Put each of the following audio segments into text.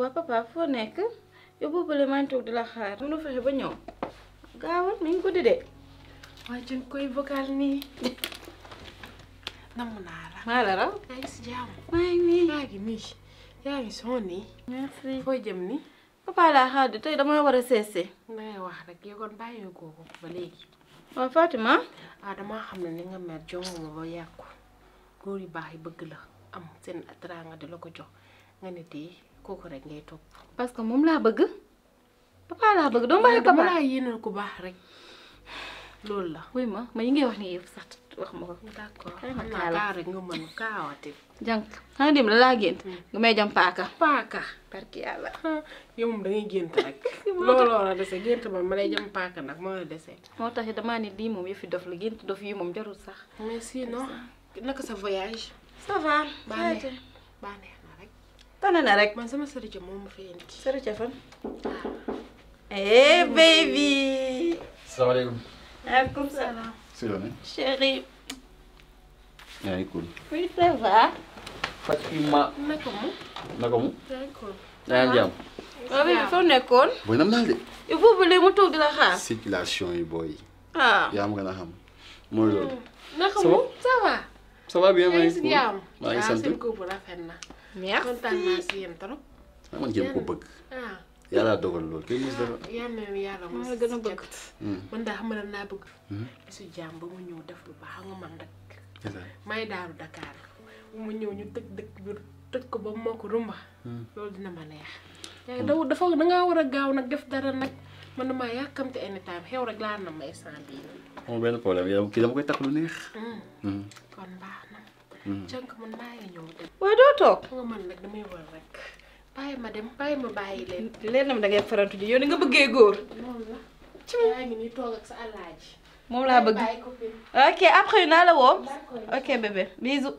waa papa foo nekk yow boobule ba ñëw ko didee. waa jën koy vocal nii. namm naa di tey dama war a seese. wax rek yow kon bàyyi ko ah damaa xam ne ni nga mer jongoma ba yàqu góor yu baax yi bëgg la am seen teraanga di la ko jox. nga ne tey kooku rek ngay topp. parce que moom laa bëgg papa laa bëgg doo bàyyi papa laa baax rek loolu la. wuy ma ma yi ngay wax ni yëpp sax wax ma ko. d'accord xam nga mën kaawate. jànk xanaa dem la laa gént. Mm. nga may jam paaka. paaka barki yàlla. yow moom da gént rek. looloo la dese gént ma ma lay jam paaka nag moo la moo tax damaa ne lii moom yëfi dof la gént dof yi moom jarul sax. mais sinon naka sa voyage. ça va. baax tane na rek. man sama sërëjëf moom ma fay indi. sërëjëf ah. eh, baby. salaamaaleykum. maaleykum salaam. si la ne. chéri. yaa ngi cool. oui ça va. Fatima. naka mu. naka mu. nekkoon. yi booy. ah yaa ma gën a xam mooy loolu. Hmm. naka mu ça va. ça merci kontaan naa si yéen trop. man jéem ko bëgg. Ah. yàlla dogal loolu kenn mës dafa. yaa ah, ngi yàlla gën a bëgg. Hmm. man daa xam ne naa bëgg. Hmm. mu ñëw def lu baax nga man rek. may daaru Dakar bu mu ñëw ñu tëj dëkk ko ba moo ko rumba. Hmm. loolu dina ma neex. yaa daw dafa da war a gaaw nag def dara nag man damaa yàkkamte anytime xew rek laa na may sant bii. amul benn problème yow kii dama koy tax lu neex. kon baax na. Mm-hmm. jànk man maa ngi ñëw waaye doo toog. nga mën ma dem bàyyi ma bàyyi leen. lenn da ngay farantu nga bëggee góor. loolu la. ci moom laa bëgg ok après naa la woo. ok bébé bisous.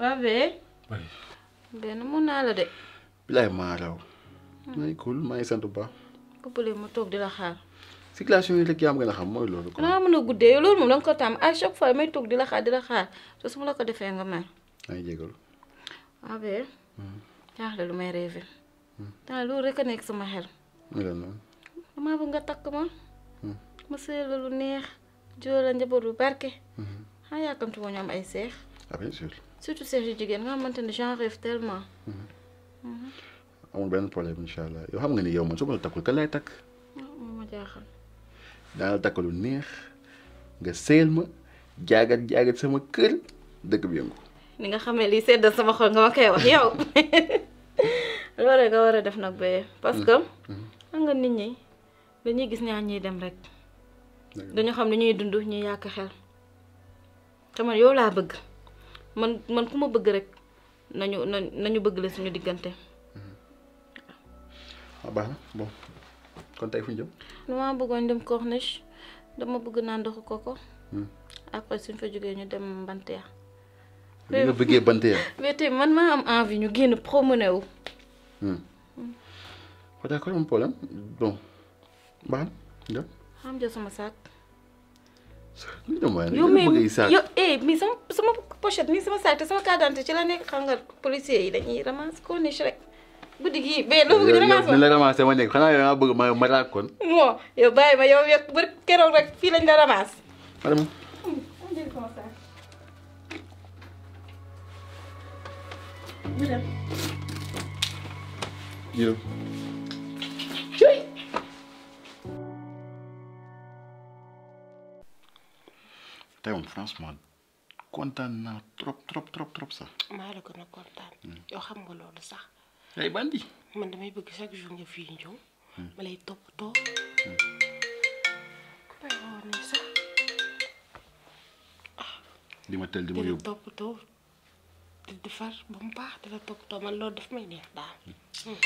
waaw bee. benn mun naa la de. bilaay maa raw. maa ngi cool maa ngi sant toog di la xaar. circulation yi rek yaa nga xam mooy loolu. xanaa mën a guddee loolu moom da nga ko tàmm à chaque fois may toog di la xaar di la xaar te su ma ko defee nga may. maa ngi jégalu. waaw hmm. lu may rêvé. daanaka hmm. loolu rek a nekk sama xel. damaa bëgg nga takk ma. Hmm. ma sëyal lu neex. joo la njaboot bu barke. xanaa yàkkamti moo ñu am ay seex. ah bien sûr. surtout seex jigéen nga xamante ne j'en rêve tellement. amul benn problème incha allah yoo xam nga ni yow man su ma la takkul kan lay takk. Ah, daal takk lu neex nga seel ma jaagat jaagat sama kër dëkk bi yëngu. ni nga xamee lii sedd sama xol nga ma koy wax yow loolu nga war a def nag ba mm-hmm. parce que mm-hmm. xam nga nit ñi dañuy gis ñaar ñuy dem rek. dañu xam ne ñuy dund ñuy yàq xel te man yow laa bëgg man man ku ma bëgg rek nañu nañu bëgg la suñu diggante. Mm-hmm. Ah, kon tey fu ñu jëm. dama bëggoon dem Corniche dama bëgg naan ndoxu koko. Hmm. après suñ fa jógee ñu dem Mbanteya. li nga bëggee Mbanteya. mais tey man maa am envie ñu génn promené wu. waaw d'accord am problème bon baax na. xam nga sama saak. yow mais yow eh mais sama sama pochette nii sama saak te sama carte ci la nekk xam nga policier yi dañuy ramasse Corniche rek. guddi gii bee doo bëgg ñu ñu la ma nekk xanaa yow yaa bëgg ma ma kon. bon yow bàyyi ma yow yëpp ba keroog rek fii lañ la ramassé. madame. yow. maa la gën a kontaan. Hmm. yoo xam nga loolu sax. ay bandi man damay bëgg chaque jour nga fii ñëw hmm. ma lay toppatoo hmm. ah. di ma tël di ma yóbbu toppatoo di defar ba mu baax di la toppatoo man loolu daf may neex daal hmm.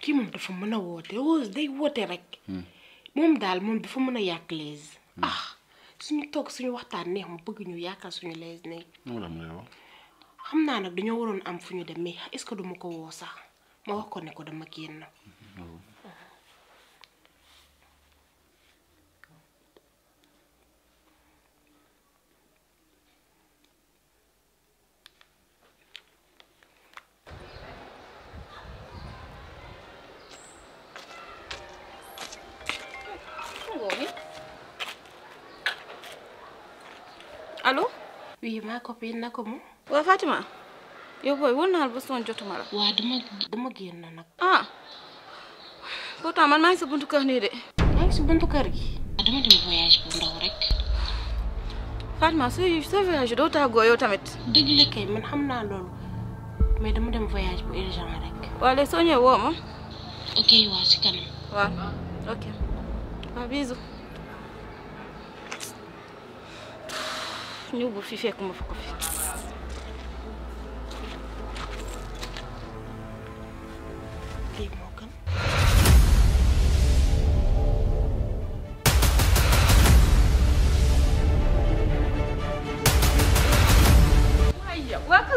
kii moom dafa mën a woote Rose day woote rek moom daal moom dafa mën a yàq lees ah suñu toog suñu waxtaan neex mu bëgg ñu yàqal suñu lees ne xam naa nag dañoo waroon am fu ñu dem mais est duma ko woo sax ma wax ko ne ko dama génn. allo. oui ma copine naka mu. waa Fatima yow booy wër naa la ba son waa dama dama génn nag. ah pourtant man maa ngi sa buntu kër nii de. maa ngi si buntu kër gi. Ah, dama dem voyage bu ndaw rek. Fatima sooy sooy voyage doo tàggoo yow tamit. dëgg la kay man xam naa loolu mais dama dem voyage bu urgent rek. waa soo ñëwee woo ok waa si kanam. waaw bu fi fekk ma fa ko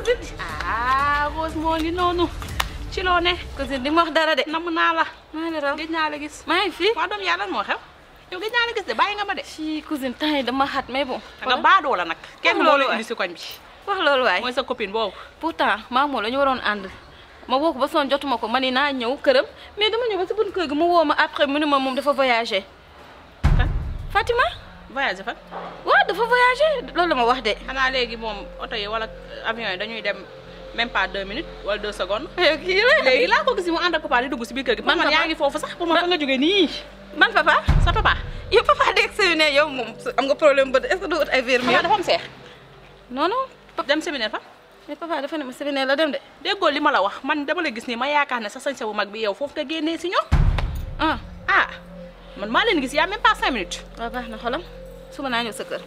tuuti ah Rose moo ngi noonu ci loo ne. cousine di ma wax dara de. naa la. maa ngi raw naa la gis. maa ngi fi. waa doom yaa lan moo xew. yow gëj naa la gis de bàyyi nga ma de. si cousine temps yi dama xat mais bon. nga baadoo la nag. kenn loolu indi si koñ bi. wax loolu waay mooy sa pourtant maam moo la waroon ànd. ma woo ko ba son jotuma ko ma ni naa ñëw këram mais dama ñëw ba si bunt kër gi mu woo ma après mu ne ma moom dafa voyagé. Fatima. voyagé fan. waaw dafa voyagé loolu la ma wax de. xanaa léegi moom oto yi wala avion yi dañuy dem même pas deux minutes wala deux secondes. Eh, kii la léegi laa ko gis ànd ak papa di dugg si gi. man man yaa ngi foofu sax pour ma fa nga jógee nii. man papa sa papa. yow papa dégg sa ne yow moom am nga problème ba est ce que du ut ay verre. papa dafa am seex. non dem séminaire fa. mais papa dafa ma séminaire la dem de. déggoo li ma la wax man dama la gis nii ma yaakaar ne sa sañ bu mag bi yow foofu nga génnee si ñoom. ah, ah. man maa leen gis yaa même pas cinq minutes. waaw baax na xolam. suba naa ñëw sa kër.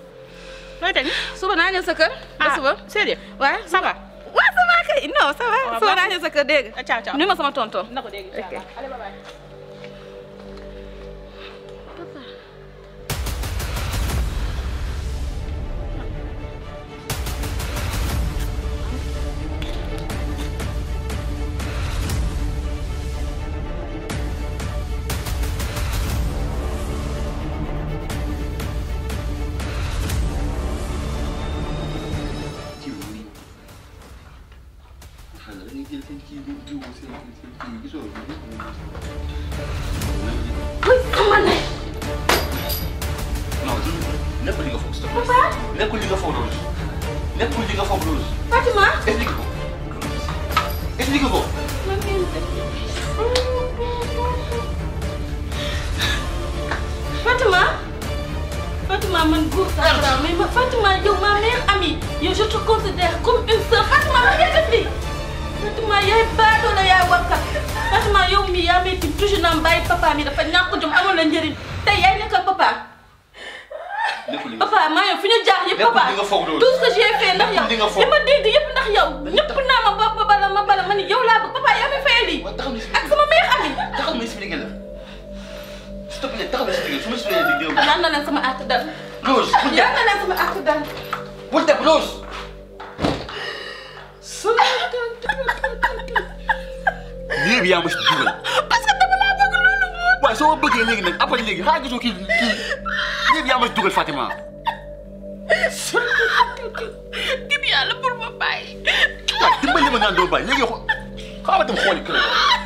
nooy teg suba naa ñëw sa kër. ah sérieux waaw ça va. waaw ça va ah, suba naa ñëw sa kër dégg nga. Ah, ciao ciao ma sama tonton. na ko mooy sama ne. non nekkul li nga foog. papa nekkul li nga Fatima Fatima Fatima man góor sax laa mais ma Fatima yow ma meilleure amie yow je te considère comme une sœur Fatima ma yëkkati Fatima yaay ba. yaatoo na yaa war kat franchement mi yaa metti toujours naan bàyyi papa mi dafa ñàkk jom amul la njëriñ tey yaay papa. papa maa fi ñu jaar yëpp papa tout ce que j'ai fait ndax yow ma dégg yëpp ndax naa ma ba ba bala ma bala ma ni yow laa bëgg papa yaa ma fayal lii ak sama meilleure amie. taxaw ma expliqué la sama àq dal. Rose yal na bi yaa ma si dugal. parce que dama laa bëgg loolu moom. waaw soo ma bëggee léegi nag après léegi xaaral gisoo kii kii léegi yaa ma si dugal Fatima. ngir yàlla bul ma bàyyi. waaw dimbali ma naan doo bàyyi léegi xaaral ma dem xooli kër